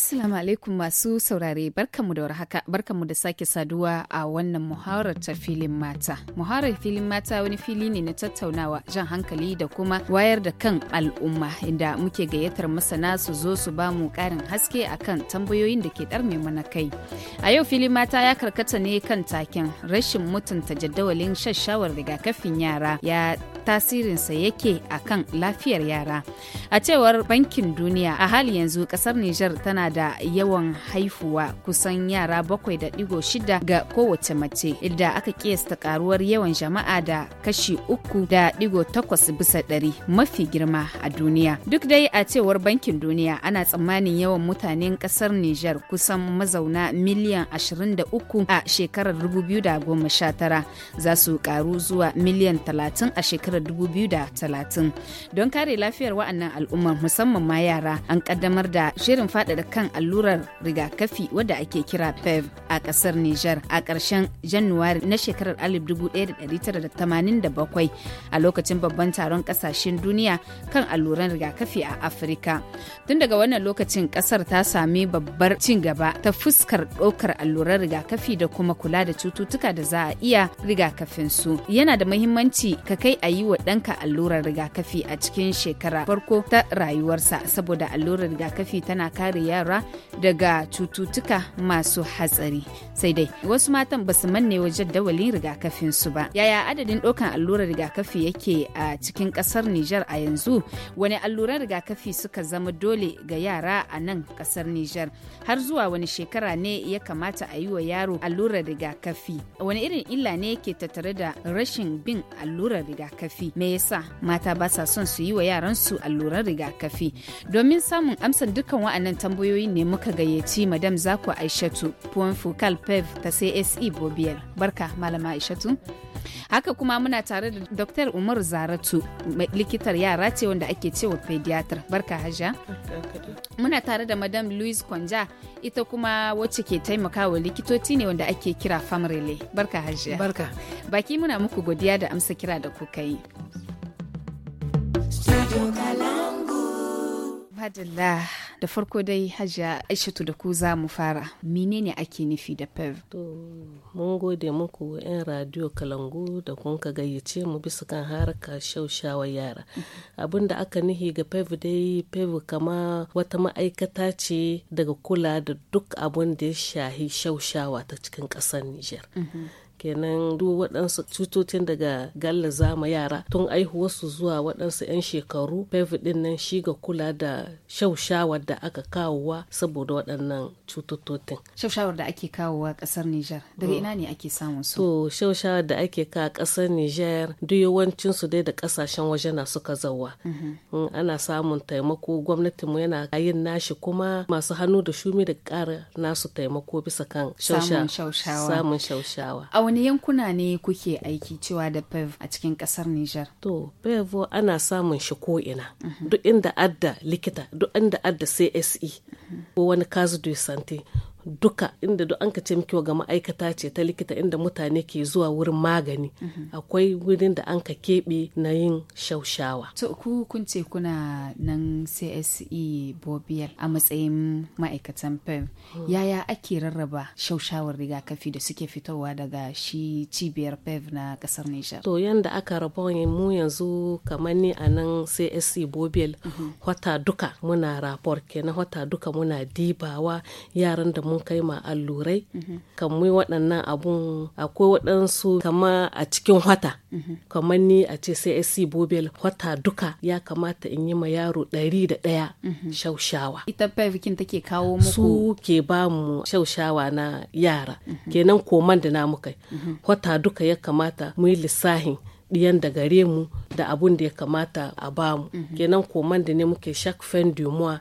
Assalamu alaikum masu saurare barkamu da warhaka barkamu da sake saduwa a wannan muhawarar ta filin mata. Muhawarar filin mata wani fili ne na tattaunawa jan hankali da kuma wayar da kan al'umma inda muke gayyatar masana su zo su ba mu karin haske kan tambayoyin da ke mai mana kai. A yau filin mata ya karkata ne kan taken rashin mutunta jadawalin shashawar rigakafin yara ya tasirinsa yake akan lafiyar yara. A cewar Bankin Duniya a hali yanzu kasar Nijar tana da yawan haifuwa kusan yara bakwai da shida ga kowace mace inda aka kiyasta karuwar yawan jama'a da kashi takwas bisa ɗari mafi girma a duniya duk dai a cewar bankin duniya ana tsammanin yawan mutanen kasar Nijar kusan mazauna miliyan 23 a shekarar tara za su karu zuwa miliyan 30 a shekarar 2030 don kare lafiyar wa'annan al'umma musamman ma yara an kaddamar da shirin faɗaɗa kan allurar rigakafi wadda ake kira PEV a kasar Nijar a ƙarshen Januwari na shekarar 1987 a lokacin babban taron ƙasashen duniya kan alluran rigakafi a Afirka. Tun daga wannan lokacin ƙasar ta sami babbar cin gaba ta fuskar ɗaukar alluran rigakafi da kuma kula da cututtuka da za a iya rigakafin su Yana da muhimmanci ka kai a yi wa ɗanka allurar rigakafi a cikin shekara farko ta rayuwarsa saboda allurar rigakafi tana kare yara daga cututtuka masu hatsari sai dai wasu matan basu manne wa jaddawalin rigakafin su ba yaya adadin ɗaukan allurar rigakafi yake a cikin ƙasar Nijar a yanzu wani alluran rigakafi suka zama dole ga yara a nan ƙasar Nijar har zuwa wani shekara ne ya kamata a yi wa yaro allurar rigakafi wani irin illa ne yake tattare da rashin bin allurar rigakafi me yasa mata ba sa son su yi wa yaransu alluran rigakafi domin samun amsar dukkan wa'annan tambayoyi tambayoyi ne muka gayyaci madam zaku aishatu puan focal pev ta cse bobiyar barka malama aishatu haka kuma muna tare da dr umar zaratu likitar yara ce wanda ake cewa pediatar barka hajja muna tare da madam louise kwanja ita kuma wacce ke taimakawa likitoci ne wanda ake kira famrele barka hajja barka baki muna muku godiya da amsa kira da kuka yi da farko dai hajja aishatu da ku za mu fara menene ake nufi da pev to mun gode muku yan radio kalangu da kun ka gayyace mu bisa kan harka shaushawa yara mhm. abin da aka nihi ga pev dai pev kama wata ma'aikata ce daga kula da duk abin da ya shahi shaushawa ta cikin ƙasar niger mhm. kenan duk waɗansu cutocin daga galla zama yara tun aihuwarsu zuwa waɗansu 'yan shekaru pevit ɗin nan shi ga kula da shaushawar da aka kawowa saboda waɗannan cututtotin. Shaushawar da ake kawowa ƙasar Nijar daga ina ne ake samun su? To shaushawar da ake ka ƙasar Nijar duk yawancin su dai da ƙasashen waje na suka zawa. Mhm. Ana samun taimako gwamnatin mu yana yin nashi kuma masu hannu da shumi da ƙara nasu taimako bisa kan shaushawa. Samun shaushawa. wani yankuna ne kuke aiki cewa da pev a cikin kasar Nijar? To, pev ana samun shi ko ina. Duk inda adda likita, duk inda adda CSE, ko wani kazu de sante, duka inda duk an ka ce miki ga ma'aikata ce ta likita inda mutane ke zuwa wurin magani mhm. akwai wurin da an ka keɓe na yin shaushawa. To ku kun ce kuna nan CSE Bobiyar a matsayin ma'aikatan PEM hmm. yaya ake rarraba shaushawar rigakafi da suke fitowa daga shi cibiyar PEV na kasar Nijar. To yanda aka raba mu yanzu kamar ni a nan CSE Bobiyar mhm. wata duka muna rapor kenan wata duka muna dibawa yaran da mun kai ma allurai mhm. kan mu waɗannan abun akwai waɗansu kama a cikin wata mhm. kamar ni a ce sai sc bobel wata duka ya kamata in yi ma yaro ɗari da ɗaya mhm. shaushawa ita pevkin take kawo muku su ke ba mu shaushawa na yara kenan koman da na muka wata duka ya kamata mu yi lissahin ɗiyan da gare mu da abun da ya kamata a bamu mhm. kenan koman da ne muke shak fen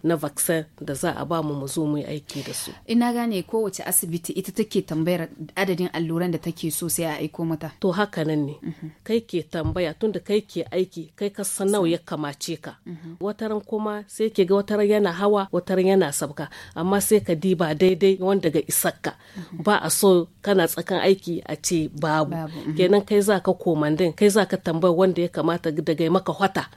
na vaccine da za a bamu mu zo mu yi aiki da su ina gane kowace asibiti ita take tambayar adadin alluran da take so sai a aiko mata to haka nan ne mhm. kai ke tambaya tunda kai ke aiki kai ka san nawa ya kamace ka mhm. wataran kuma sai ke ga wataran yana hawa wataran yana sabka amma sai ka diba daidai wanda ga isakka ba a so kana tsakan aiki a ce babu kenan kai za ka komandin kai za ka tambaya wanda ya kamata ta daga maka hwata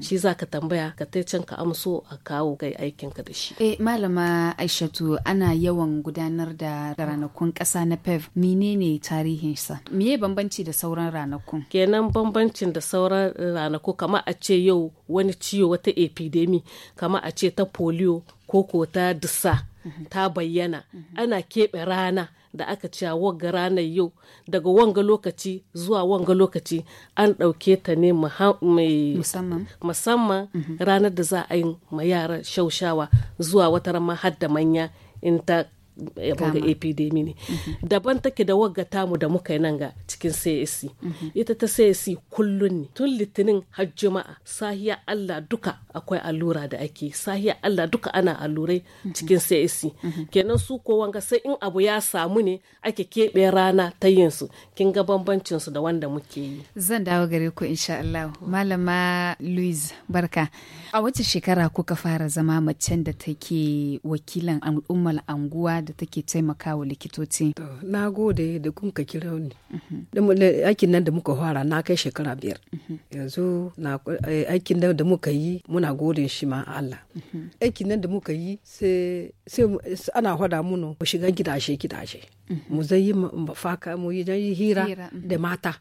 shi za ka tambaya ka ta can ka amso a kawo gai aikin ka da shi eh malama aishatu ana yawan gudanar da ranakun ƙasa na pev menene tarihin sa meye bambanci da sauran ranakun kenan bambancin da sauran ranaku kama a ce yau wani ciwo wata epidemi kama a ce ta polio ko ko ta dusa ta bayyana ana keɓe rana da aka cewa wanga ranar yau daga wanga lokaci zuwa wanga lokaci an ɗauke ta ne musamman mhm. ranar da za a yi ma yara shaushawa zuwa wata rama har da manya in ta Eh, epidemi ne mhm. daban take da wagga tamu da muka yi nan ga cikin csc mhm. ita ta csc kullun ne tun litinin har juma'a sahiya allah duka akwai allura da ake sahiya allah duka ana allurai mhm. cikin csc kenan su ko wanga sai in abu ya samu ne ake keɓe rana ta yin su kin ga bambancin su da wanda muke yi zan dawo gare ku insha allah malama louise barka a wace shekara kuka fara zama macen da take wakilan al'ummar anguwa da take taimakawa likitoci. Na gode da kun ka kira ni. Mhm. Aikin nan da muka fara na kai shekara biyar. Mhm. Yanzu eh, aikin nan da muka yi muna godin shi ma Allah. Mhm. Aikin nan da muka yi sai ana hada munu mu shiga gidaje gidaje. Mu zai yi mafaka mu yi hira da mata.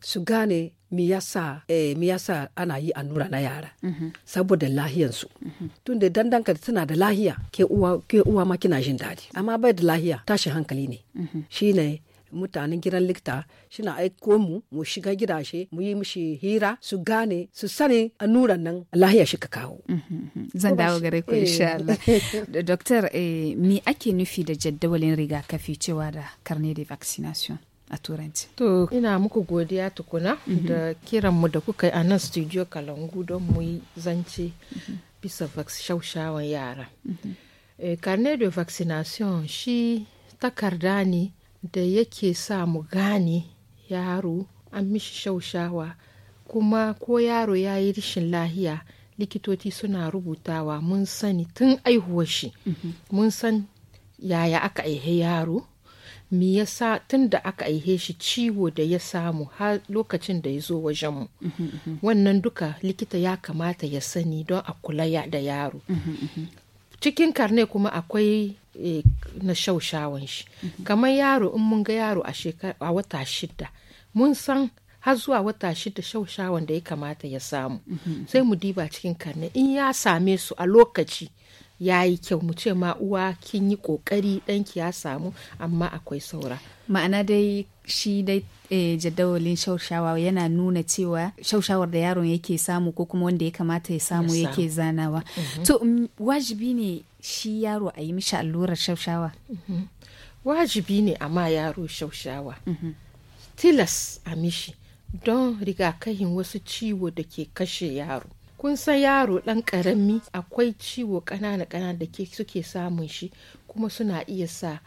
Su gane me yasa eh, me yasa ana yi annura na yara mm -hmm. saboda lahiyansu mm -hmm. tun da dandanka tana da lahiya ke uwa ke uwa ma kina jin daɗi amma bai da lahiya tashi hankali ne mm -hmm. shine mutanen gidan likita shina aiko mu mu shiga gidashe mu yi mishi hira su gane su sani annuran nan lahiya shi ka kawo. Mhm, mhm. Zan dawo gare ku eh. insha Allah. Doktor eh, me ake nufi da jaddawalin rigakafi cewa da karne de vaccination? a turanci. To ina muku godiya tukuna mm -hmm. da da kuka yi a nan studio Kalangu don mu yi zance bisa shaushawan yara. Mm e, carnet de vaccination shi takarda ne da yake sa mu gane yaro an mishi shaushawa kuma ko yaro ya yi rashin lahiya likitoci suna rubutawa mun sani tun aihuwar shi mhm. mun san yaya aka aihe yaro me yasa tun da aka aihe shi ciwo da ya samu har lokacin da ya zo wajenmu wannan duka likita ya kamata ya sani don a kula da yaro cikin karne kuma akwai e, na shaushawan shi kamar yaro in mun ga yaro a wata shida mun san har zuwa wata shida shaushawan da ya kamata ya samu sai mu diba cikin karne in ya same su a lokaci ya yi kyau mu ce ma uwa kin yi kokari ɗanki ya samu amma akwai saura ma'ana dai shi dai e, jadawalin shaushawa yana nuna cewa shaushawar da yaron yake samu ko kuma wanda ya kamata ya samu yake zanawa mhm. to mm, wajibi ne shi yaro a yi mishi allurar shaushawa mhm. wajibi ne a ma yaro shaushawa mhm. tilas a mishi don kahin wasu ciwo da ke kashe yaro kun san yaro ɗan ƙarami akwai ciwo ƙanana ƙanana da suke samun shi kuma suna iya sa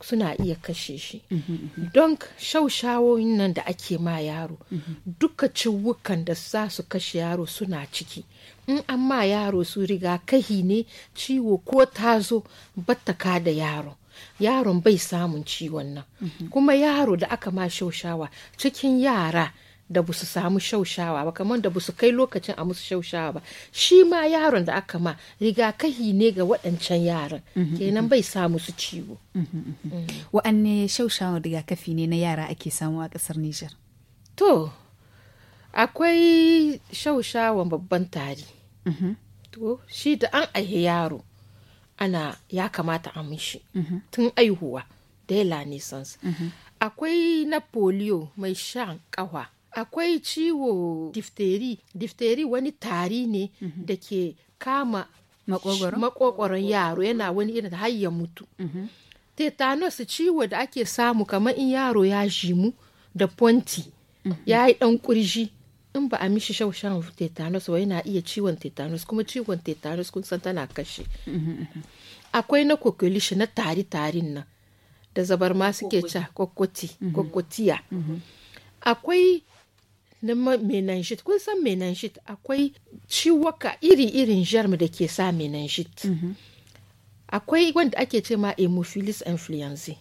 suna iya kashe shi mhm, mhm. don shaushawoyin nan da ake ma yaro mhm. duka ciwukan da za su kashe yaro suna ciki in an ma yaro su riga kahi ne ciwo ko tazo battaka da yaro yaron bai samun ciwon nan kuma yaro da aka ma shaushawa cikin yara da ba su samu shaushawa ba kamar da ba su kai lokacin a musu shaushawa ba shi ma yaron da aka ma rigakahi ne ga waɗancan yaran mhm, mhm. kenan bai sa musu ciwo mhm, mm. wa'anne shaushawa rigakafi ne na yara ake samu a ƙasar Nijar to akwai shaushawan babban tari to shi da an aihe yaro ana ya kamata a mishi tun aihuwa da ya akwai na polio mai shan kawa akwai ciwo difteri difteri wani tari ne mm -hmm. da ke kama makokoron yaro yana wani irin da ya mutu mm -hmm. tetanus ciwo da ake samu kamar in yaro ya jimu da ponti mm -hmm. ya yi dan kurji in ba a mishi shaushan tetanus ba yana iya ciwon tetanus kuma ciwon tetanus kun san tana kashe mhm, mhm, mhm. akwai na kokolishi na tari-tarin nan da zabar ma suke ca kokoti kokotiya akwai na menangit kun san menangit akwai ciwoka iri-irin germ da ke sa menangit mhm. akwai wanda ake ce ma hemophilus influenzae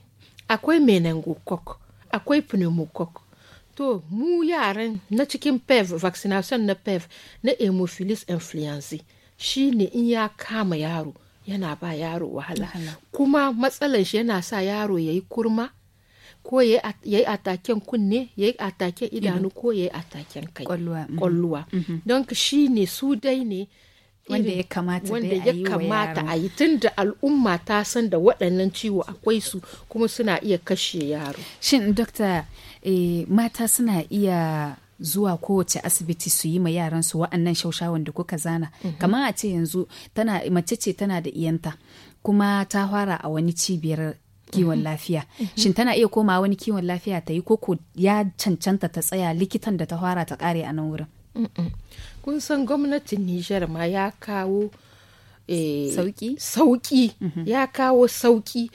akwai meningococc akwai pneumococ to mu yaran na cikin pev vaccination na pev na hemophilus influenzae ne in ya kama yaro yana ba yaro wahala kuma matsalan shi yana sa yaro ya yi kurma ko ya yi ataken kunne ya yi ataken idanu ko ya yi ataken kai kwalluwa mm-hmm. Mm-hmm. don shi ne su dai ne wanda ya kamata wanda ya kamata a yi tun da al'umma ta san da waɗannan ciwo akwai su kuma suna iya kashe yaro shin dokta eh, mata suna iya zuwa kowace asibiti su yi ma yaran su wa'annan shaushawan da kuka zana mm-hmm. kamar a ce yanzu mace ce tana da iyanta kuma ta fara a wani cibiyar kiwon lafiya mhm. shin tana iya koma wani kiwon lafiya ta yi koko ya cancanta ta tsaya likitan da ta fara ta kare a nan wurin kun san gwamnatin nijar ma ya kawo eh, sauki mhm. ya kawo sauki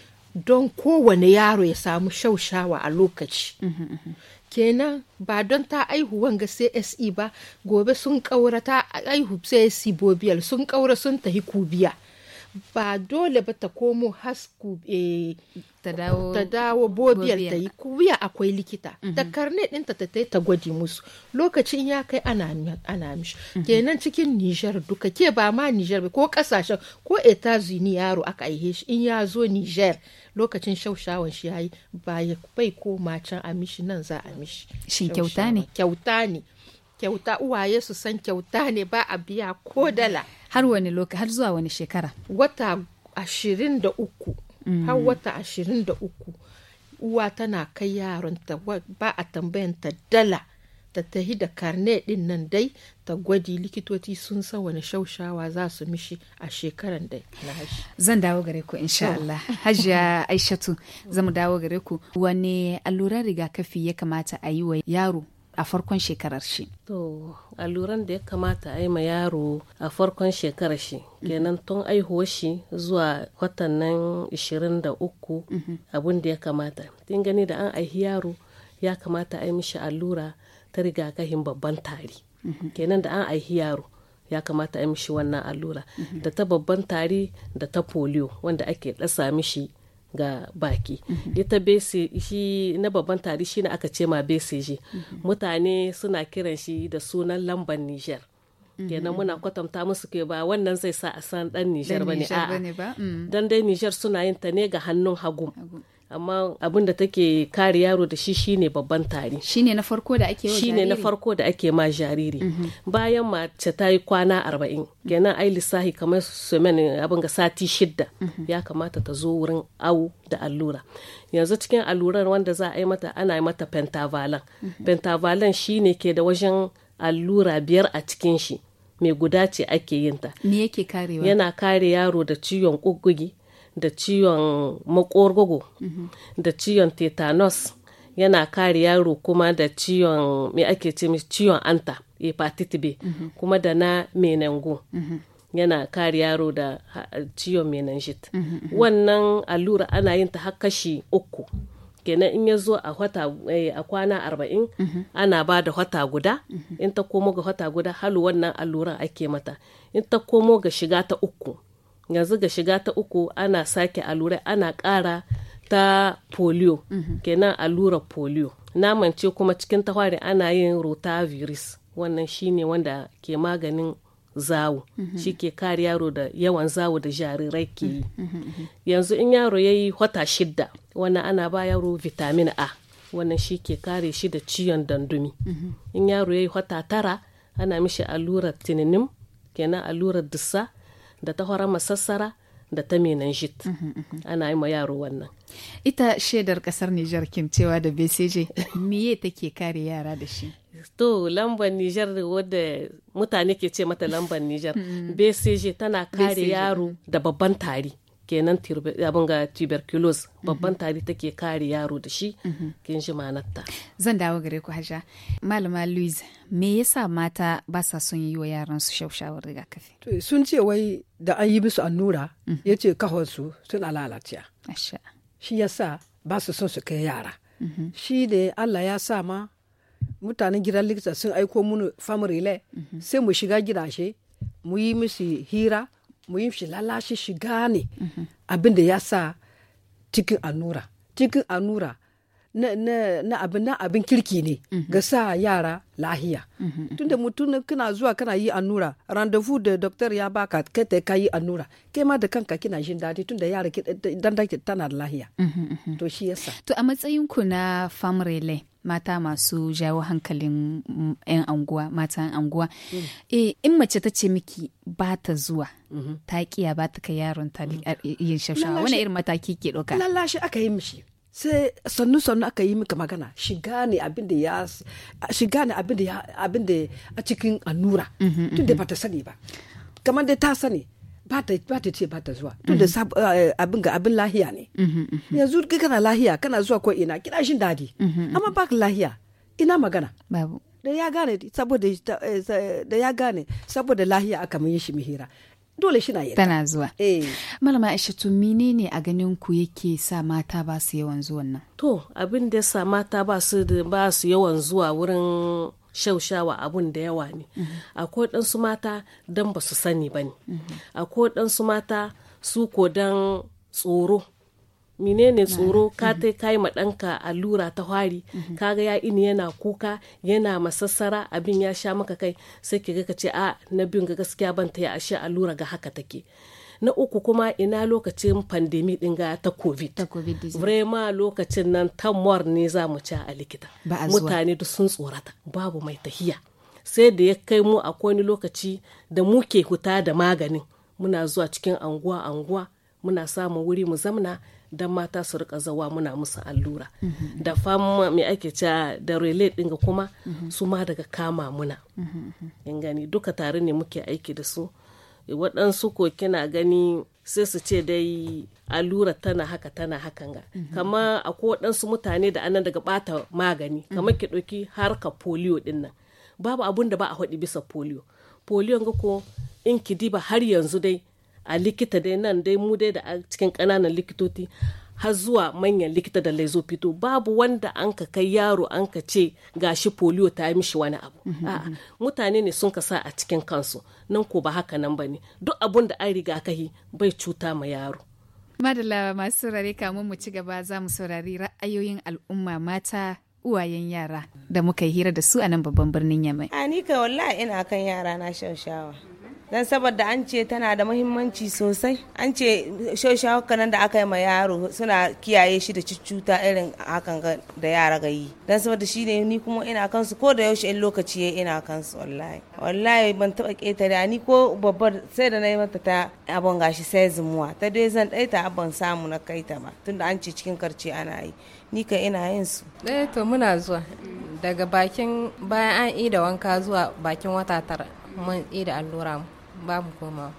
don kowane yaro ya samu shaushawa a lokaci mhm, kenan ba don ta aihu ga CSE ba gobe sun kaura ta aihu CSE bobiyal sun kaura sun tahi kubiya ba dole ba ta komo hasku eh, ta dawo bobiyar ta yi wuya akwai likita Da mhm. karne ɗinta ta ta gwaji musu lokacin ya kai ana mishi mhm. kenan cikin nijar duka ke ba ma nijar ko kasashen ko etazini yaro aka aihe shi in ya zo nijar lokacin shaushawan shi yayi ba bai koma can a mishi nan za a mishi shi kyauta ne kyauta ne kyauta uwaye su san kyauta ne ba a biya ko dala har wani lokaci har zuwa wani shekara wata ashirin da uku mm. har wata ashirin da uku uwa tana kai yaronta ba a ta dala ta tahi da karne din nan dai ta gwadi likitoci sun san wani shaushawa za su mishi a shekaran dai. Zan dawo gare ku insha Allah. Hajiya Aishatu, zamu dawo gare ku. wani alluran rigakafi ya kamata a yi wa yaro a farkon shekarar shi. To, alluran da ya kamata a yi ma yaro a farkon shekarar shi, kenan tun aihuwar shi zuwa watan nan 23 abin da ya kamata. Tun gani da an aihi yaro ya kamata a yi mishi allura ta rigakafin babban tari. Kenan da an aihi yaro ya kamata a yi mishi wannan allura da ta babban tari da ta polio wanda ake ɗasa mishi ga baki mhm. ita bese shi na babban tari shi aka ce ma bcg mhm. mutane suna kiran shi da sunan lamban niger mhm. kenan muna kwatanta musu ke ba wannan zai sa a san dan niger ne a'a mm. dan dai niger suna yin ta ne ga hannun hagu amma abin da take kare yaro da shi shine babban tari shine na farko da ake shine na farko da ake ma jariri mhm. bayan mace ta yi kwana arba'in kenan ai lissahi kamar semen abin ga sati shidda mhm. ya kamata ta zo wurin awo da allura yanzu cikin allurar wanda za a yi mata ana yi mata pentavalan mhm. pentavalan shine ke da wajen allura biyar a cikin shi mai guda ce ake yinta me yake karewa yana kare yaro da ciwon ƙuggugi da ciwon makorgogo da ciwon tetanus yana kare yaro kuma da ciwon me ake ce ciwon anta hepatitis B kuma da na menengo yana kare yaro da ciwon menengit wannan allura ana yin ta har uku kenan in ya zo eh, a kwana arba'in ana ba da wata guda in ta komo ga wata guda halu wannan allura ake mata in ta komo ga shiga ta uku yanzu ga shiga ta uku ana sake allura ana kara ta polio mhm. kenan allurar polio ce kuma cikin tahwari ana yin rotavirus wannan shine wanda ke maganin zawo mhm. shi ke kare yaro da yawan zawo da jarirai ke yi mhm, yanzu in yaro ya yi wata shida wannan ana ba yaro vitamin a wannan shi ke kare shi da ciwon dandumi in yaro ya yi wata tara ana mishi allurar tinanin kenan allurar dussa da ta horar masassara da ta meningit ana yi ma yaro wannan ita shaidar kasar nijar kin cewa da bcj miye take kare yara da shi to lambar nijar wadda mutane ke ce mata lambar nijar bcj tana kare yaro da babban tari kenan abin ga tuberculosis babban tari take kare yaro da shi kin shi manatta zan dawo gare ku hajja malama louise me yasa mata ba sa son yi wa yaran su shawar rigakafi sun ce wai da an yi musu annura yace kahon su suna lalaciya shi yasa ba su son su kai yara mhm. shi da Allah ya sa ma mutanen gidan likita sun aiko mu family mhm. sai mu shiga gidashe mu yi musu hira mu yi shi lalashi shi gane abin da ya sa cikin annura cikin annura na, abin na abin kirki ne mhm. ga sa yara lahiya mhm, mhm. tunda mutum kana zuwa kana yi annura randevu da doktor ya baka kai ta ka yi annura kai ma da kanka kina jin dadi tunda yara dan dandaki tana da lahiya to shi yasa to a matsayin ku na famrele mata masu jawo hankalin 'yan anguwa matan anguwa mm. eh, in mace ta ce miki ba ta zuwa mm-hmm. ta kiya ba ta kai yaron ta mm. yin shafshawa wani irin mataki ke ɗauka lallashi aka yi mishi sai sannu sannu aka yi mika magana shiga ne abin da ya shiga ne abin a cikin annura mm-hmm, tun da mm-hmm. ba ta sani ba kamar da ta sani ba ta ce ba ta zuwa mm-hmm. tun da eh, eh, abin ga abin lahiya ne mm-hmm, mm-hmm. yanzu kana lahiya kana zuwa ko ina kina shin dadi amma ba ka lahiya ina magana babu da ya gane saboda eh, da ya gane saboda lahiya aka mun yi shi mihira dole shi na yi tana zuwa malama aisha to menene a ganin ku yake sa mata ba su yawan zuwan nan to abin da sa mata ba su ba su yawan zuwa wurin shaushawa abun da yawa ne akwai ɗansu mata dan ba su sani ba ne akwai ɗansu mata su ko don tsoro menene tsoro ka tai kai ma ɗanka allura ta hwari kaga ya ini yana kuka yana masassara abin ya sha maka kai sai ki ga ka ce a na bin ga gaskiya ban ta ya ashe allura ga haka take na uku kuma ina lokacin pandemi din ga ta covid vrema lokacin nan tamwar ne za mu ci a likita mutane da sun tsorata babu mai tahiya sai da ya kai mu a wani lokaci da muke huta da maganin muna zuwa cikin anguwa anguwa muna samun wuri mu zamna don mata su rika zawa muna musu allura mhm. da fama mai ake ci da relay dinga kuma mm su ma daga kama muna mm mhm. in gani duka tare ne muke aiki da su waɗansu ko kina gani sai su ce dai allura tana haka tana hakan ga mhm. kama akwai waɗansu mutane da anan daga bata magani kamar ki ɗauki harkar polio ɗin nan babu abun da ba a haɗi bisa polio polio ga ko in ki diba har yanzu dai a likita dai nan dai mu dai da cikin ƙananan likitoci har zuwa manyan likita da laizopito babu wanda an ka kai yaro an ka ce gashi polio ta yi mishi wani abu mhm, mhm. mutane ne sun ka sa a cikin kansu nan ko ba haka nan ba ne duk abun da an riga kahi bai cuta ma yaro madalla masu saurare kamun mu ci gaba za mu saurari ra'ayoyin al'umma mata uwayen yara da muka yi hira da su a nan babban birnin yamai a ni ka wallahi ina kan yara na shan shawa. don saboda an ce tana da muhimmanci sosai an ce nan da aka yi ma yaro suna kiyaye shi da cuta irin hakan da yara ga yi dan saboda shi ne ni kuma ina kansu ko da yaushe in lokaci ya ina kansu wallahi wallahi ban taba ketare ni ko babbar sai da na yi mata ta abon gashi sai zumuwa ta dai zan ɗaita abon samu na kai ta ba tunda an ce cikin karce ana yi ni ka ina yin su eh to muna zuwa daga bakin bayan an yi da wanka zuwa bakin wata tara mun yi da allura mu ba mu koma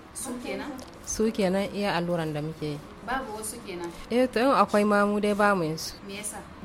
su kenan iya alluran da muke yi babu wasu kenan eh to in akwai mamu dai ba mu yansu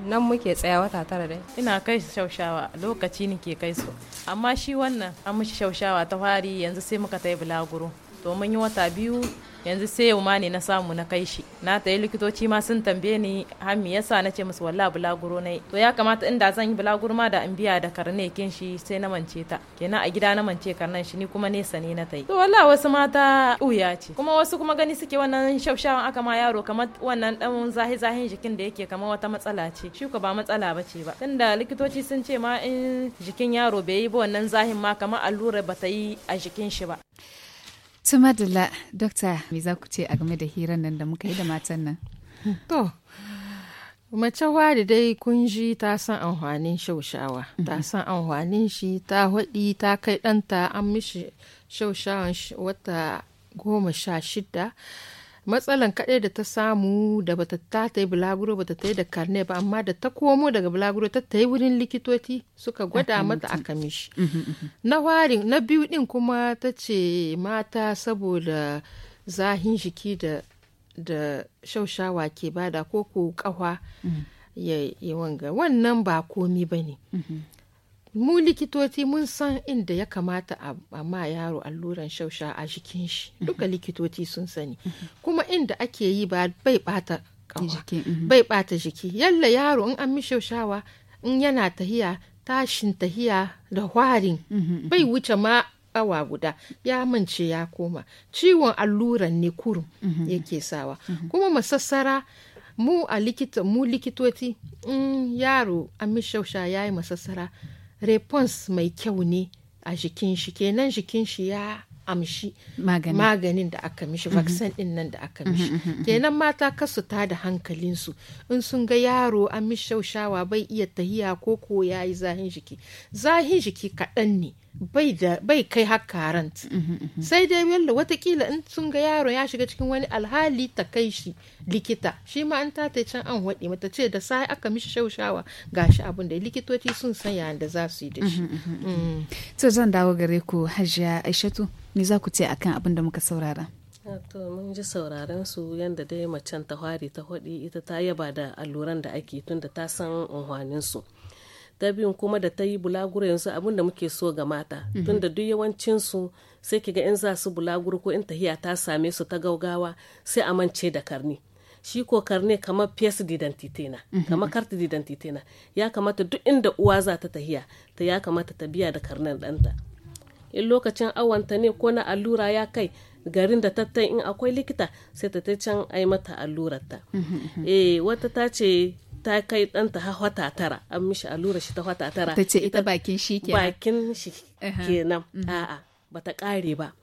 nan muke tsaya wata tara dai ina kai su shaushawa lokaci nake kai su amma shi wannan an mishi shaushawa ta fari yanzu sai muka tai bulaguro to mun yi wata biyu yanzu sai yau ma ne na samu na kai shi na ta yi likitoci ma sun tambaye ni har me yasa ce musu wallahi bulaguro nai. to ya kamata inda zan yi bulaguro ma da in biya da karne kin shi sai na mance ta kenan a gida na mance karnan shi ni kuma nesa ne na tayi to wallahi wasu mata uya ce kuma wasu kuma gani suke wannan shaushawan aka ma yaro kamar wannan dan zahi zahin jikin da yake kamar wata matsala ce shi ba matsala ba ce ba tunda likitoci sun ce ma in jikin yaro bai yi ba wannan zahin ma kamar allura ba ta yi a jikin shi ba Tuma da Dokta, me za ku ce a game da hirar nan da muka yi da matan nan? To, mace dai kun ji ta san amfanin shaushawa, ta mhm. san amfanin shi ta haɗi ta kai ɗanta an mishi shaushawan wata goma sha shida. matsalan kaɗai da ta samu da bata ta ta yi bulaguro bata ta yi da karne ba amma da ta komo daga bulaguro ta ta yi wurin likitoci suka gwada mata a kamishi mhm, mhm, mhm. na warin na biyu din kuma ta ce mata saboda zahin jiki da da shaushawa ke bada ko ko kawa ya wanga wannan ba komi ba ne mu likitoci mun san inda ya kamata a ma yaro alluran shausha a jikin shi mhm. duka likitoci sun sani mhm. kuma inda ake yi ba bai bata mhm. bai bata jiki yalla yaro in an shaushawa in yana tahiya tashin tahiya da hwarin bai wuce ma awa guda ya mance ya koma ciwon alluran ne kurum yake sawa kuma masassara mu a mu likitoci in yaro an shausha ya yi masassara repons mai kyau ne a jikin shi kenan jikin shi ya amshi maganin, maganin da aka mishi mhm. vaccine din nan da aka mhm, mishi mhm, kenan mata kasu ta da hankalinsu in sun ga yaro an mishi shaushawa bai iya tahiya ko ko ya yi zahin jiki zahin jiki kaɗan ne bai kai har karant mm-hmm, mm-hmm. sai dai yalla watakila in sun ga yaro ya shiga cikin wani alhali ta kai shi likita shi ma an tata can an waɗe mata ce da sai aka mishi shaushawa gashi abin da likitoci sun san yayin da za su yi da shi mm-hmm, mm. to zan dawo gare ku hajiya aishatu ne za ku ce akan abin da muka saurara to mun ji sauraron su yadda dai macen ta hwari ta hudi ita ta yaba da alluran da ake tun da ta san unhwanin su ta biyun kuma da ta yi bulaguro yanzu abin da muke so ga mata mhm. tunda duk yawancinsu su sai kiga in za su bulaguro ko in tahiya ta same su ta gaugawa sai a mance da karni shi ko karne kamar pièce d'identité na mhm. kamar carte d'identité na ya kamata duk inda uwa za ta tahiya ta ya kamata ta biya da karnin ɗanta in lokacin awanta ne ko na allura ya kai garin da tattai in akwai likita sai ta can ai mata allurarta mhm, eh wata ta ce ta kai ɗanta har wata tara an mishi allura shi ta wata tara ta ce ita bakin shi kenan bakin shi kenan mhm. a'a bata ƙare ba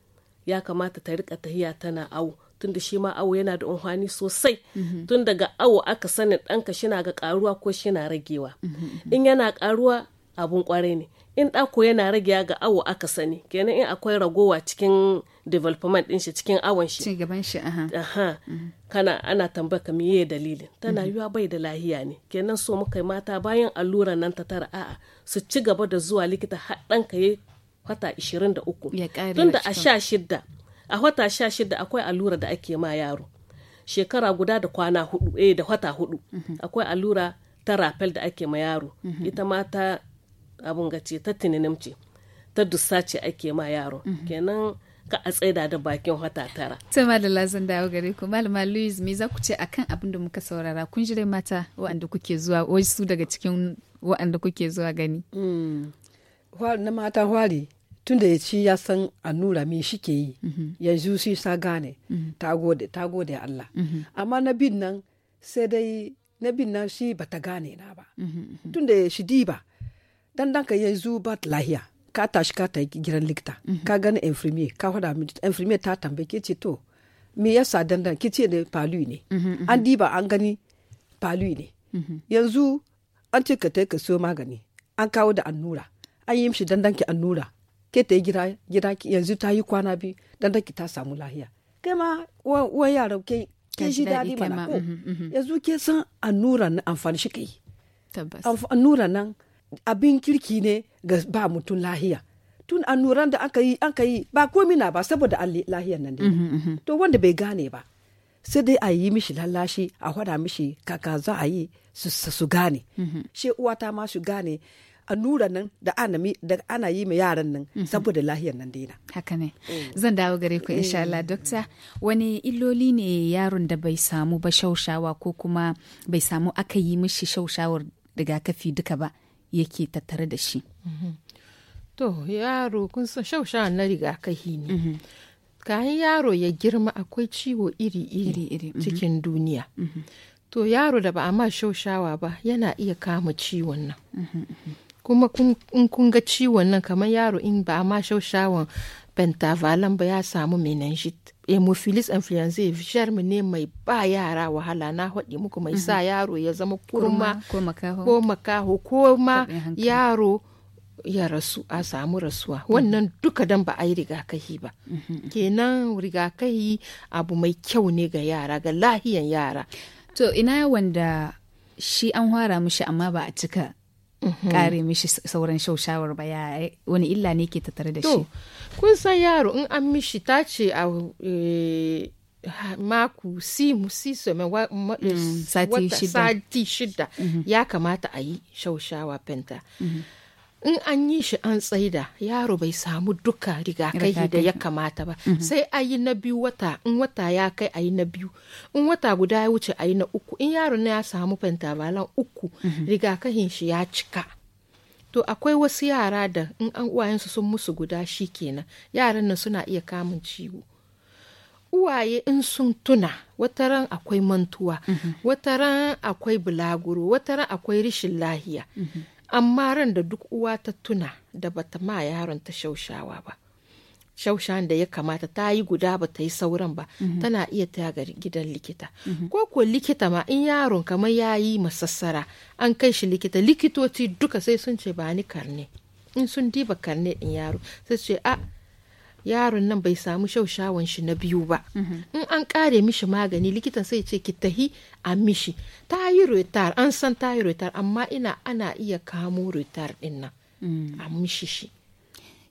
ya kamata ta rika tahiya tana awo tunda shi ma awo yana da unhwani sosai mhm. tun daga awo aka sani ɗanka shina ga karuwa ko shina ragewa mhm, in yana karuwa abun kwarai ne in ɗako yana rage ga awo aka sani kenan in akwai ragowa cikin development ɗin shi cikin awon shi cigaban shi aha mhm. kana ana ka miye dalilin tana mhm. yiwa bai da lahiya ne kenan so muka mata bayan allura nan ta tara a'a su ci gaba da zuwa likita har ka yi wata 23 tunda a sha shidda a wata sha shidda akwai allura da ake ma yaro shekara guda da kwana hudu eh da wata hudu mhm. akwai allura ta rafel da ake ma yaro ita ma ta abun gace ta tininimci ta dusa ce ake ma yaro kenan ka a tsaida da bakin wata tara. Ta da zan dawo gare ku malama louis me za ku ce akan abin da muka saurara kun jire mata wa'anda kuke zuwa su daga cikin wa'anda kuke zuwa gani. Mm. Na mata hwari tun da ya ci ya san annura me shi ke yi mhm. yanzu shi sa gane mhm. ta gode Allah. Mhm. Amma na bin nan sai dai na bin nan shi ta gane na ba. Tun da shi diba. dan ka ya zo ba lahiya ka tashi ka tafi giran likita ka gani infirmiye ka faɗa infirmiye ta tambaye ke ce to me yasa dan dan ke ce ne palu ne an diba an gani palu ne yanzu an ce ka tai ka so magani an kawo da annura an yi mishi dandan ki annura ke ta gida gida yanzu ta yi kwana bi dandan ki ta samu lahiya kai ma wa yara ke ke ji daɗi mana ko mm-hmm, mm-hmm. yanzu ke san annura na amfani shi kai annura nan abin kirki ne ga ba mutum lahiya tun nuran da aka yi aka yi ba komi na ba saboda lahiyar nan dai mhm, mhm. to wanda bai gane ba sai dai a yi mishi lallashi a hwada mishi kaka za a yi su gane mhm. she uwata ma su gane nura nan da ana yi ma yaran nan saboda lahiyar nan daina haka ne eh. zan dawo gare ku insha eh. Allah dokta wani illoli ne yaron da bai samu ba shaushawa ko kuma bai samu aka yi mishi shaushawar rigakafi duka ba yake tattare da shi to yaro kun san shaushawan na rigakafi ne mhm. kayan yaro ya girma akwai ciwo iri-iri mhm. cikin duniya mhm. to yaro da ba a ma shaushawa ba yana iya kama ciwon nan kuma in kun ga ciwon nan kamar yaro in ba a ma shaushawan pentavalan ba ya samu meningit hemophilus influenzae mu ne mai ba yara wahala na haɗi muku mai sa mhm. yaro ya zama kurma ko makaho ko ma yaro ya rasu a samu rasuwa mhm. wannan duka dan ba a yi rigakahi ba mhm. kenan rigakahi abu mai kyau ne ga yara ga lahiyan yara to ina wanda shi an hwara mishi amma ba a cika kare mishi sauran shaushawar ba ya wani illa ne ke tattare da shi kun san yaro in an mishi ta ce a eh, maku si sati shida mm-hmm. ya kamata a yi shaushawa penta mm-hmm. in an yi shi an tsaida yaro bai samu duka rigakafi da ya kamata ba mm-hmm. sai a yi na biyu wata in wata ya kai a yi na biyu in wata guda ya wuce a yi na uku in yaro na ya samu pentabalan uku rigakafin shi ya cika to akwai wasu yara da in an uwayensu sun musu guda shi kenan yaran nan suna iya kamun ciwo uwaye in sun tuna wataran akwai mantuwa mhm. wataran akwai bulaguro wataran akwai rishin lahiya mhm. amma ran da duk uwa ta tuna da bata ma yaron ta shaushawa ba shaushan da ya kamata ta yi guda ba ta yi sauran ba mhm. tana iya ta gidan likita mhm. ko ko likita ma in yaron kamar ya yi masassara an kai shi likita likitoci duka sai sun ce ba ni karne in sun diba karne din yaro sai ce a ah, yaron nan bai samu shaushawan shi na biyu ba mhm. in an kare mishi magani likitan sai ce ki tahi a mishi ta yi an san ta yi amma ina ana iya kamo retar din nan mm. a mishi shi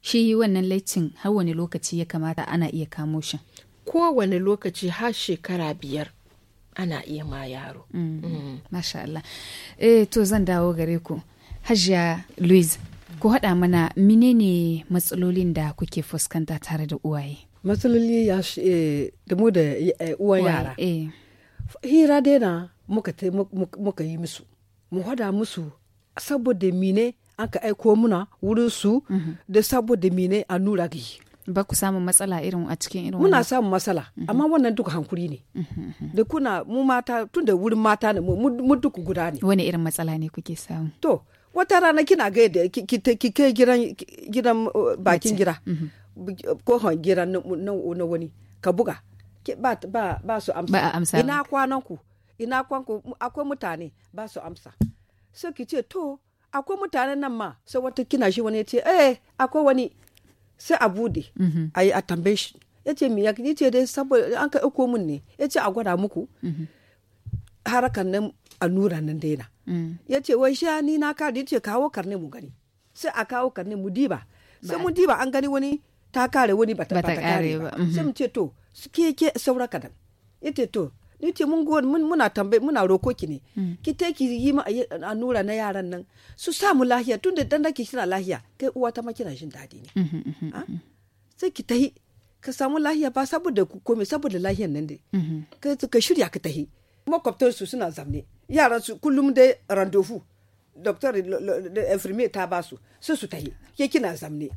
shi wannan laicin har wani lokaci ya kamata ana iya kamo shi kowane lokaci har shekara biyar ana iya ma yaro mm. Mm. masha Allah eh to zan dawo gare ku hajiya louise ku haɗa mana menene matsalolin da kuke fuskanta tare da uwaye matsaloli ya shi eh, da mu da eh, uwa yara eh. hira na muka yi musu mu hada musu saboda mine an ka aiko muna wurin su mhm. da saboda mine a nura gi ba ku samu matsala irin a cikin irin muna samun matsala mhm. amma wannan duka hankuri ne mhm, da kuna mu mata tun da wurin mata ne mu duka guda ne wani irin matsala ne kuke samu to wata rana kina ga yadda ki kai gidan gidan uh, bakin gira. ko gira na wani ka buga ba ba su amsa ina kwanan ku ina kwanku akwai mutane ba su amsa sai ki ce to akwai mutanen nan ma sai wata kina shi wani ya ce eh akwai wani sai a bude mhm. a yi a tambaye shi ya ce miya ya ce dai saboda an ka iko mun ne ya ce a gwada muku mhm. harakan nan nura nan daina mm. ya ce wai sha ni na kare ya ce kawo karne mu gani sai a kawo karne mu diba sai mu diba an gani wani ta kare wani bata kare ba sai mhm. mu ce to ke ke saura kadan ya ce to ni ce mun go mun muna tambaye muna roko ki ne mm. ki ta ki yi ma nura na yaran nan su samu lahiya da dan ki kina lahiya kai uwa ta ma kina jin dadi ne mm-hmm, mm-hmm, ah? mm-hmm. sai ki tahi ka samu lahiya ba saboda komai saboda lahiyan nan ne ka shirya ka tahi makwabtar su suna zamne yaran su kullum dai randofu doktor infirmier ta ba su sai su tahi ke kina zamne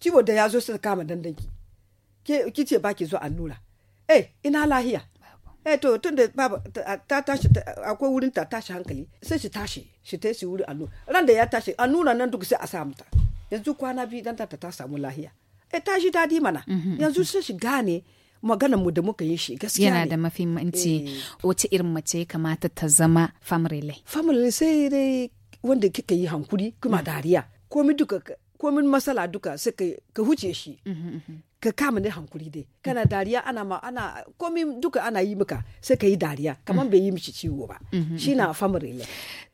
ciwo da ya zo sai kama dandanki ke ce ba ki zo allura eh ina lahiya eh to tunda baba ta tashi akwai wurin ta tashi hankali sai shi tashi shi ta wuri allo ran da ya tashi a nuna nan duk sai a sa mata yanzu kwana biyu dan ta ta samu lahiya eh tashi di mana mhm. yanzu sai shi gane maganar mu da muka yi shi gaskiya yana da mafimanci eh. wace irin mace ya kamata ta zama family family sai dai wanda kika yi hankuri kuma mm. dariya komai duka komin masala duka sai ka huce shi mhm, mhm. ka kama ne hankuri dai kana dariya ana ma ana komi duka ana yi maka sai ka yi dariya kamar bai yi mishi ciwo ba mhm. shi na famar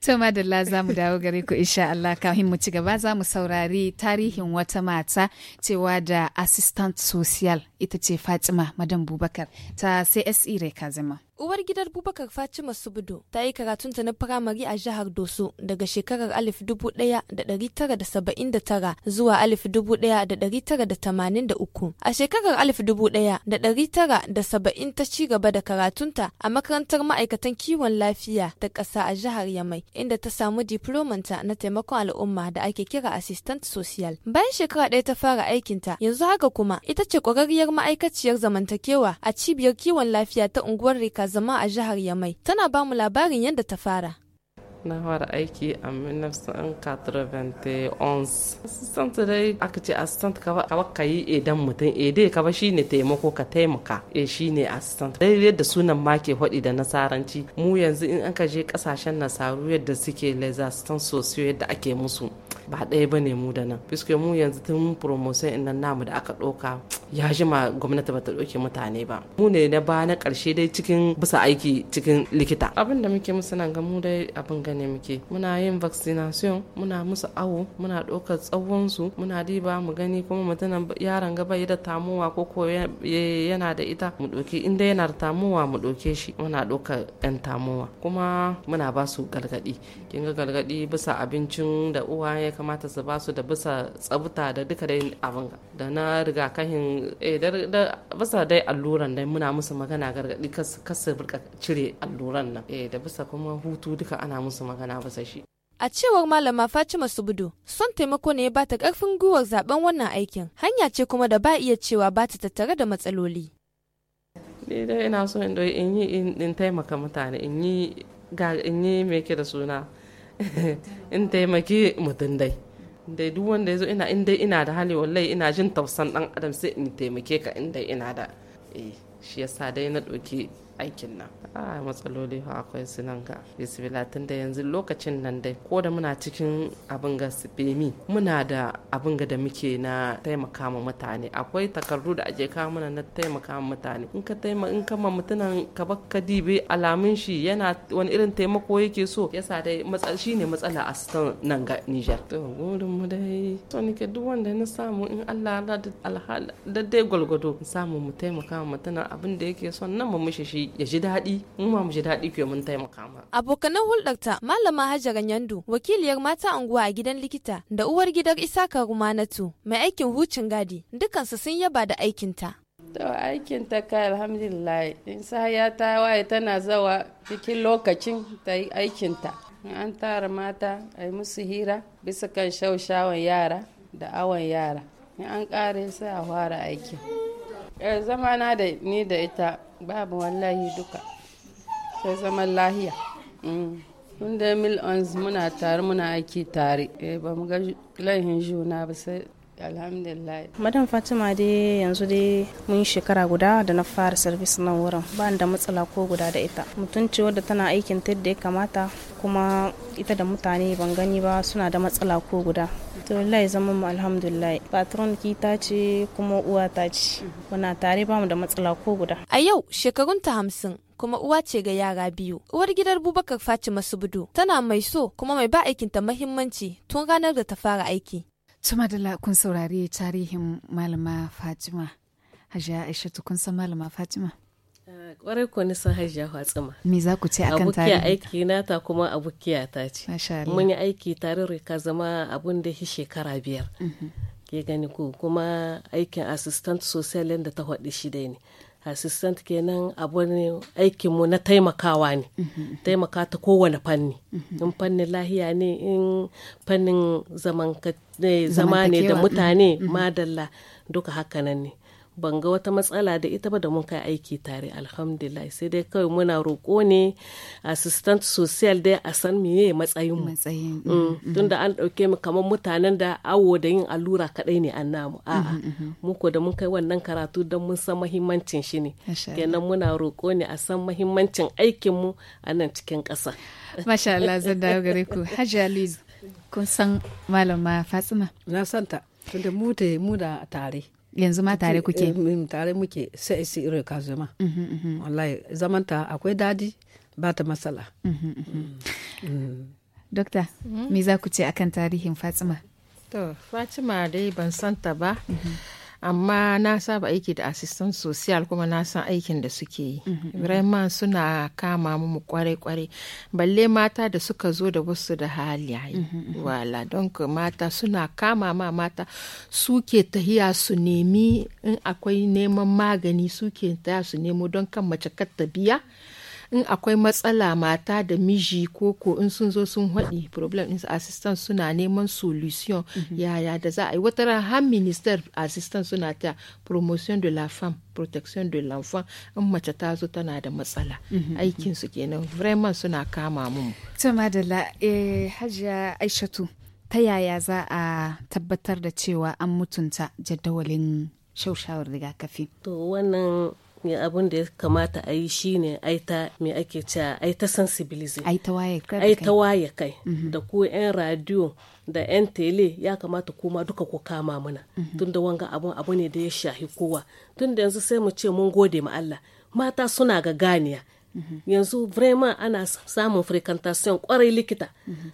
To madalla za mu dawo gare ku insha Allah kafin mu ci gaba za mu saurari tarihin wata mata cewa da assistant social ita ce Fatima Madam Bubakar ta CSE Rekazima. Uwar gidar Bubakar Fatima Subudo ta yi karatunta na firamare a jihar Doso daga shekarar 1979 zuwa 1983. A shekarar 1970 ta ci gaba da karatunta a makarantar ma'aikatan kiwon lafiya ta ƙasa a jihar Yamai inda ta samu diplomanta na taimakon al'umma da ake kira assistant social. Bayan shekara ɗaya ta fara aikinta, yanzu haka kuma ita ce ƙwararriyar ma'aikaciyar zamantakewa a cibiyar kiwon lafiya ta unguwar Rika Zama a jihar Yamai. Tana bamu labarin yadda ta fara. na fara aiki a 1991 assistant dai aka ce assistant kawai ka yi edan mutum idan kaba shi ne taimako ka taimaka e shi ne assistant dai yadda sunan ma ke hodi da nasaranci mu yanzu in aka je kasashen nasaru yadda suke les assistant sosai yadda ake musu ba ɗaya ba ne mu da nan fiske mu yanzu tun promotion in nan namu da aka ɗauka ya ma gwamnati bata ɗauke mutane ba mu ne na ba na ƙarshe dai cikin bisa aiki cikin likita abin da muke musu nan ga mu dai abin gane muke muna yin vaccination muna musu awo muna ɗaukar tsawon su muna diba mu gani kuma mutum yaron gaba yi da tamuwa ko ko yana da ita mu ɗauki inda yana da tamuwa mu ɗauke shi muna ɗaukar 'yan tamuwa kuma muna ba su gargaɗi kin ga gargaɗi bisa abincin da uwa ya ya kamata su ba su da bisa tsabuta da duka dai abin da na rigakafin eh, da bisa dai alluran dai muna musu magana gargadi kasa burka cire alluran nan eh, da bisa kuma hutu duka ana musu magana bisa shi A cewar Malama Fatima Subudu, son taimako ne ba ta karfin gwiwar zaben wannan aikin, hanya ce kuma da ba iya cewa ba ta tattare da matsaloli. Ni dai ina so in yi in taimaka mutane, in yi me ke da suna in taimaki mutum dai dai duk wanda ya zo ina in dai ina da hali wallahi ina jin tausan dan adam sai in taimake ka in dai ina da eh shi yasa dai na doke aikin nan a matsaloli akwai su nan ga bismillah tun da yanzu lokacin nan dai ko da muna cikin abin ga bemi muna da abin ga da muke na taimaka ma mutane akwai takardu da aje kawo mana na taimaka ma mutane in ka taima in ka mutunan ka bakka dibe alamun shi yana wani irin taimako yake so yasa dai matsal ne matsala a stan nan ga Niger to gurin mu dai to ke duk wanda na samu in Allah ya da alhal da dai gwalgwado samu mu taimaka ma mutanen abin da yake son nan mu mishi shi shi ya ji daɗi mu ma mu ji daɗi ku mun taimaka ma. Abokanan hulɗarta Malama Hajara Yandu wakiliyar mata unguwa a gidan likita da uwar gidan Isaka Rumanatu mai aikin hucin gadi dukansu sun yaba da aikinta. To aikin ta kai alhamdulillah in ya ta waye tana zawa cikin lokacin ta yi ta An tara mata a musu hira bisa kan shaushawan yara da awon yara. an ƙare sai a fara aikin. Eh, zama na da ni da ita babu wallahi duka sai zaman lahiya tun mm. 2011 muna tare muna aiki tare eh, ba mu ga laihin juna ba sai alhamdulillah madam fatima dai yanzu dai mun shekara guda da na fara service nan wurin ba da matsala ko guda da ita mutunci wadda tana aikin ta da ya kamata kuma ita da mutane ban gani ba suna da matsala ko guda to lai zaman mu alhamdulillah patron ki ta ce kuma uwa ta ce muna tare ba mu da matsala ko guda a yau shekarun ta hamsin kuma uwa ce ga yara biyu. Uwar gidar Bubakar Fatima Subudu tana mai so kuma mai ba aikinta mahimmanci tun ranar da ta fara aiki. Tuma madalla kun saurari tarihin Malama Fatima. Hajiya Aishatu kun san Malama Fatima? Eh, kwarai ko ni san Hajiya Fatima. Me za ku ce akan tarihi? Abokiya aiki ta kuma abukiya ta ce. Mun yi aiki tare ka zama abun da shi shekara biyar. Mhm. Ke gani ko kuma aikin assistant social da ta haɗe shi dai ne. assistant kenan a ne aikinmu na taimakawa ne taimaka ta kowane fanni in fannin lahiya ne in fannin zama ne da mutane mm-hmm. madalla duka hakanan ne ban ga wata matsala da ita ba da mun kai aiki tare alhamdulillah sai dai kawai muna roƙo ne assistant social dai a san meye matsayin mu mm, mm, mm. tunda an ɗauke mu kamar mutanen da awo da yin allura kaɗai ne an namu a'a mm-hmm, mm-hmm. mu ko da mun kai wannan karatu don mun san mahimmancin shi ne kenan muna roƙo ne a san mahimmancin aikin mu a nan cikin ƙasa masha Allah zan dawo gare ku Hajji kun san malama Fatima na santa tunda mu da mu da tare yanzu ma tare kuke eh, mm, tare muke sai su ire ka zama wallahi zamanta akwai dadi ba ta matsala mm, mm. dokta mm-hmm. me za ku ce akan tarihin fatima to fatima dai ban santa ba mm -hmm. amma na saba aiki da assistant social kuma na san aikin da suke yi vraiment mhm, mhm. suna kama mu kwarai-kwarai balle mata da suka zo da wasu da yayi mhm, wala don mata suna kama ma mata suke tahiya su nemi in akwai neman magani suke tahiya su nemo don kan mace kar ta biya in akwai matsala mata da miji ko ko in sun zo sun haɗi problem in assistant suna neman solution mhm. yaya da za a yi wata ran har minister assistant suna ta promotion de la femme protection de l'enfant in mace ta zo tana da matsala mhm, mhm. aikin su kenan vraiment suna kama mu to madalla eh hajiya aishatu ta yaya za a tabbatar da cewa an mutunta jadawalin shaushawar rigakafi to wannan ne abin da ya kamata a yi shine ai me ake cewa aita ta sensibilize ai waye kai mhm. da ku yan radio da yan tele ya kamata kuma duka ku kama mana mhm. tunda wanga abun abu ne da ya shahi kowa tunda yanzu sai mu ce mun gode ma Allah mata suna ga ganiya mhm. yanzu vraiment ana samun frequentation kwarai likita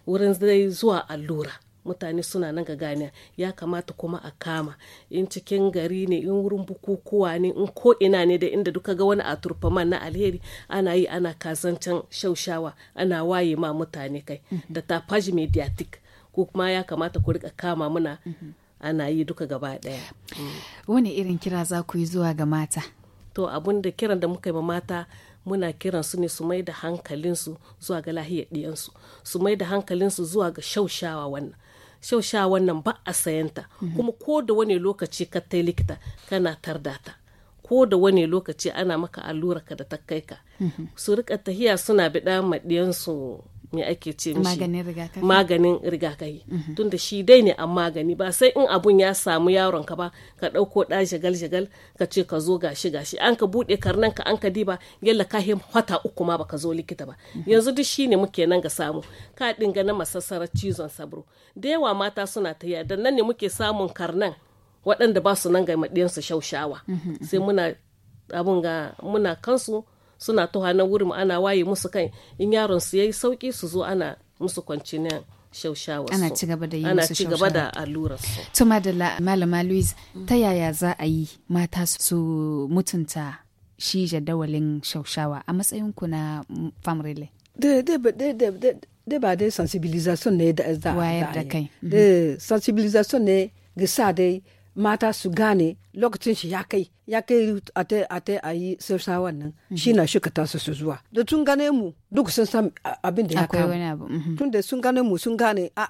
wurin zai zuwa allura mutane suna nan gaganiya ya kamata kuma a kama in cikin gari ne in wurin bukukuwa ne in ko ina ne da inda duka ga wani aturfaman na alheri ana yi ana kasancen shaushawa ana waye ma mutane kai mhm. da tafaji mediatic ko kuma ya kamata ku rika kama muna mhm. ana yi duka gaba daya mm. wani irin kira za ku yi zuwa ga mata to abun da kiran da muka yi ma mata muna kiran su ne su mai da hankalinsu zuwa ga lahiyar ɗiyansu su mai da hankalinsu zuwa ga shaushawa wannan shausha wannan ba a sayanta kuma ko da wani lokaci ka tai likita kana tardata ko da wani lokaci ana maka allura ka da ta kai ka su rika tahiya suna biɗa maɗiyansu me ake ce maganin rigakafi maganin rigakafi tunda shi dai ne an magani ba sai in abun ya samu yaron ka ba ka dauko da shagal shagal ka ce ka zo gashi gashi an ka bude karnan ka an ka diba yalla ka him hata uku ma baka zo likita ba yanzu duk shine muke nan ga samu ka dinga na masassara cizon sabro da yawa mata suna ta da nan ne muke samun karnan waɗanda ba su nan ga maɗiyansu shaushawa mhm, sai mhm. muna abun ga muna kansu suna tuha na wurin ana waye musu kai in yaron su yayi sauki su zo ana musu kwanciniyan shaushawa ana ci gaba da yi ana ci gaba da allurar su to madalla malama louise ta yaya za a yi mata su mutunta shi jadawalin shaushawa a matsayin ku na famrele da ba dai sensibilisation ne da wayar da kai da sensibilisation ne ga sa dai mata su gane lokacin shi ya kai ya kai a ta a ta a yi sirsa wannan mhm. shi na shi ka tasu su zuwa da sun gane mu duk sun san abin da ya kawo mhm. tun da sun gane mu sun gane a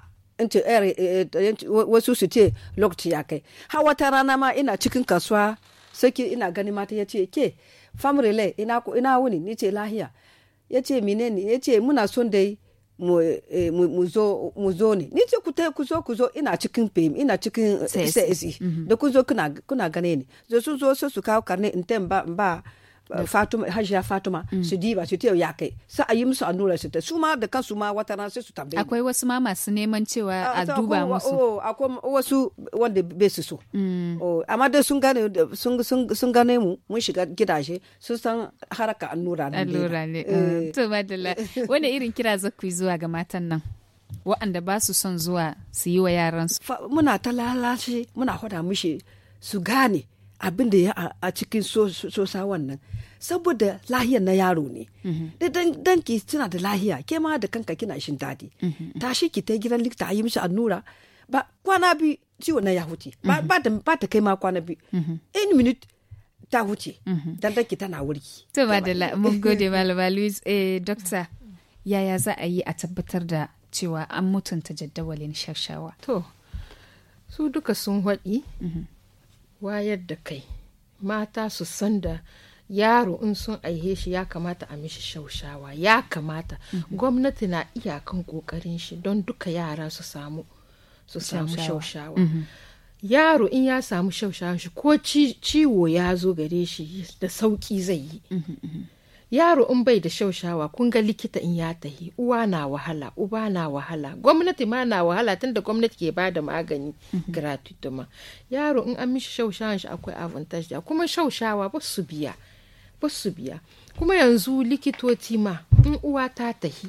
ce eh, eh, eh, wasu su ce lokacin ya kai har wata rana ma ina cikin kasuwa saki ina gani mata ya ce ke famrele ina ina wuni ni ce lahiya ya ce menene ya ce muna son dai Eh, mu zo ni ce ku tai ku zo ku zo ina cikin fahim ina cikin sa'isi mhm. da ku zo kuna gane ne zo sun zo su kawo karne in ba Fatuma Hajiya Fatuma mm. su diba su ta ya kai sai a yi musu allura su ta su ma da kansu ma wata ran sai su tambaye akwai wasu ma masu neman cewa ah, a duba musu oh, akwai wasu wanda bai su so mm. oh, amma dai sun gane sun gane mu mun shiga gidaje sun san haraka allura ne allura ne eh. ah, to madalla wani irin kira zaku zuwa ga matan nan waɗanda ba su son zuwa su yi wa yaransu muna ta lalace muna hoda mishi su gane abin da ya a cikin sosa wannan saboda lahiyar na yaro ne mhm. da danki suna da lahiya ke ma da kanka kina shin mhm. Ta shi ki ta gidan likita a yi mishi annura ba kwana bi ciwo na ya huce mhm. ba ta kai ma kwana bi in minute ta huce dan danki tana wurki to da mun gode malama louis eh doctor yaya za a yi a tabbatar da cewa an mutunta jaddawalin shashawa to su duka sun haɗi wayar da kai mata su san da yaro in sun aihe shi ya kamata a mishi shaushawa ya kamata mm -hmm. gwamnati na iyakan kokarin shi don duka yara su samu su samu shaushawa mm -hmm. yaro in ya samu shaushawa shi ko ciwo ya zo gare shi da sauki zai yi mm -hmm. yaro in bai da shaushawa kun ga likita in ya tahi uwa na wahala uba na wahala gwamnati ma na wahala tunda gwamnati ke ba da magani mhm. gratuito yaro in an mishi shaushawan shi akwai avantage da kuma shaushawa ba su biya ba su biya kuma yanzu likitoci ma in uwa ta tahi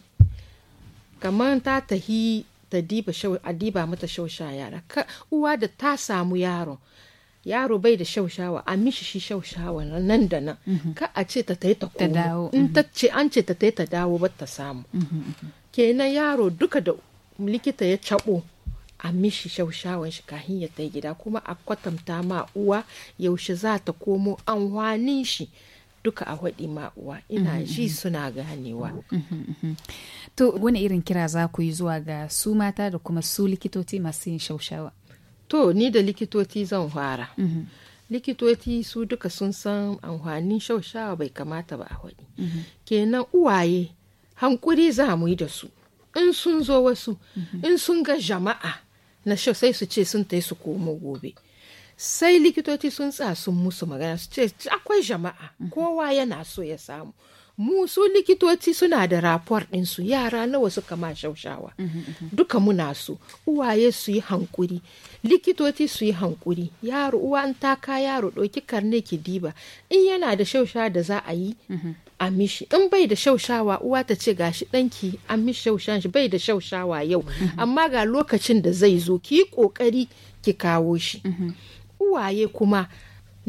kamar ta tahi ta diba a diba mata shaushawa yara uwa da ta samu yaro yaro bai da shaushawa a mishi shi shaushawa nan da nan mhm. ka a ce ta tai ta dawo in ta mhm. ce an ce ta tai ta dawo ba ta samu mhm, kenan yaro duka da likita ya cabo a mishi shaushawan shi kahin ya ta gida kuma a kwatanta ma uwa yaushe za ta komo an hwanin shi duka a waɗi uwa ina ji suna ganewa. To wani irin kira za ku yi zuwa ga su mata da kuma su likitoci masu yin shaushawa? to ni da likitoci zan fara mhm. likitoci su duka sun san amfanin shaushawa bai kamata ba a wani mhm. kenan uwaye hankuri za mu yi da su in sun zo wasu mhm. in sun ga jama'a na shau sai su ce sun tai su komo gobe sai likitoci sun tsa sun musu magana su ce akwai jama'a kowa yana so ya samu mu su likitoci suna da rapor ɗinsu yara nawa suka ma shaushawa mhm, mhm. duka muna su uwaye su yi hankuri likitoci su yi hankuri yaro uwa an taka yaro ɗauki karne ki diba in yana da shausha da za a yi mhm. a mishi in bai da shaushawa uwa ta ce gashi ɗanki an mishi shaushan shi bai da shaushawa yau amma ga lokacin da zai zo ki yi ƙoƙari ki kawo shi uwaye kuma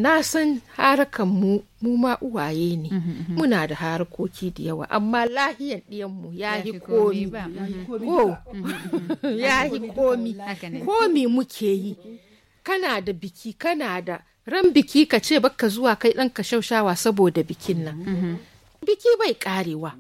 na san harakan mu ma uwaye ne muna da harkoki da yawa amma lahiyan ɗiyanmu ya yi komi ya yi komi komi muke yi kana da biki kana da ran biki ka ce baka zuwa kai ɗan ka shaushawa saboda bikin nan mhm. biki bai karewa